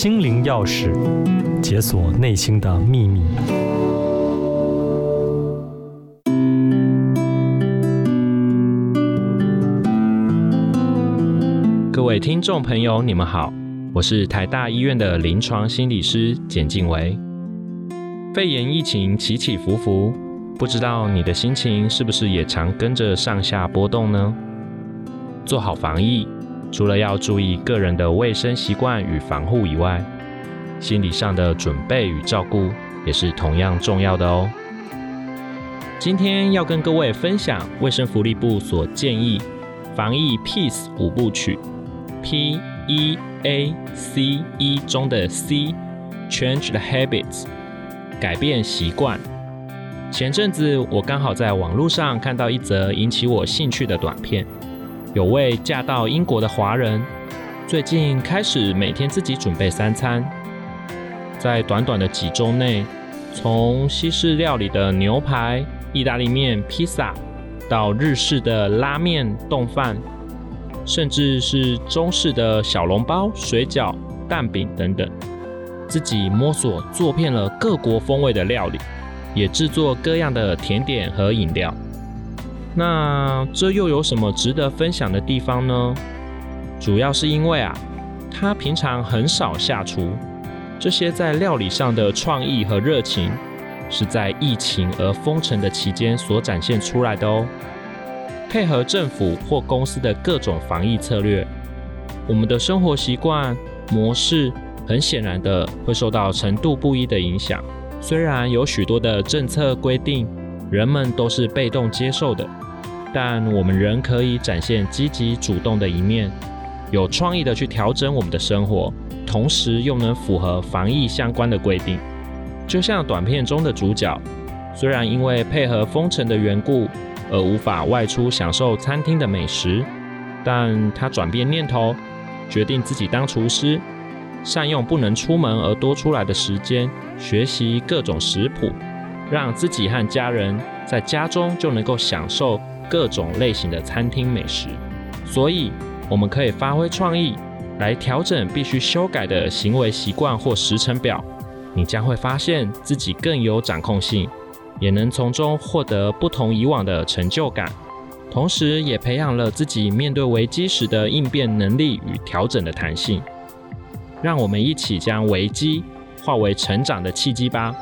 心靈鑰匙，解鎖內心的秘密。各位聽眾朋友，你們好，我是台大醫院的臨床心理師簡靜維。肺炎疫情起起伏伏，不知道你的心情是不是也常跟着上下波動呢？做好防疫。除了要注意個人的衛生習慣與防護以外，心理上的準備與照顧也是同樣重要的哦。今天要跟各位分享衛生福利部所建議防疫 PEACE 五部曲 P E A C E 中的 C Change the Habits，改變習慣。前陣子我剛好在網絡上看到一則引起我興趣的短片。有位嫁到英國的華人，最近開始每天自己準備三餐，在短短的幾週內，從西式料理的牛排、意大利麵、披薩，到日式的拉麵、丼飯，甚至是中式的小籠包、水餃、蛋餅等等，自己摸索做遍了各國風味的料理，也製作各樣的甜點和飲料。那這又有什麼值得分享的地方呢？主要是因為啊，他平常很少下廚，這些在料理上的創意和熱情，是在疫情而封城的期間所展現出來的哦。配合政府或公司的各種防疫策略，我們的生活習慣模式很顯然的會受到程度不一的影響。雖然有許多的政策規定，人們都是被動接受的。但我們仍可以展現積極主動的一面，有創意地去調整我們的生活，同時又能符合防疫相關的規定。就像短片中的主角，雖然因為配合封城的緣故而無法外出享受餐廳的美食，但他轉變念頭，決定自己當廚師，善用不能出門而多出來的時間，學習各種食譜，讓自己和家人在家中就能夠享受各種類型的餐廳美食，所以我們可以發揮創意來調整必須修改的行為習慣或時程表。你將會發現自己更有掌控性，也能從中獲得不同以往的成就感，同時也培養了自己面對危機時的應變能力與調整的彈性。讓我們一起將危機化為成長的契機吧。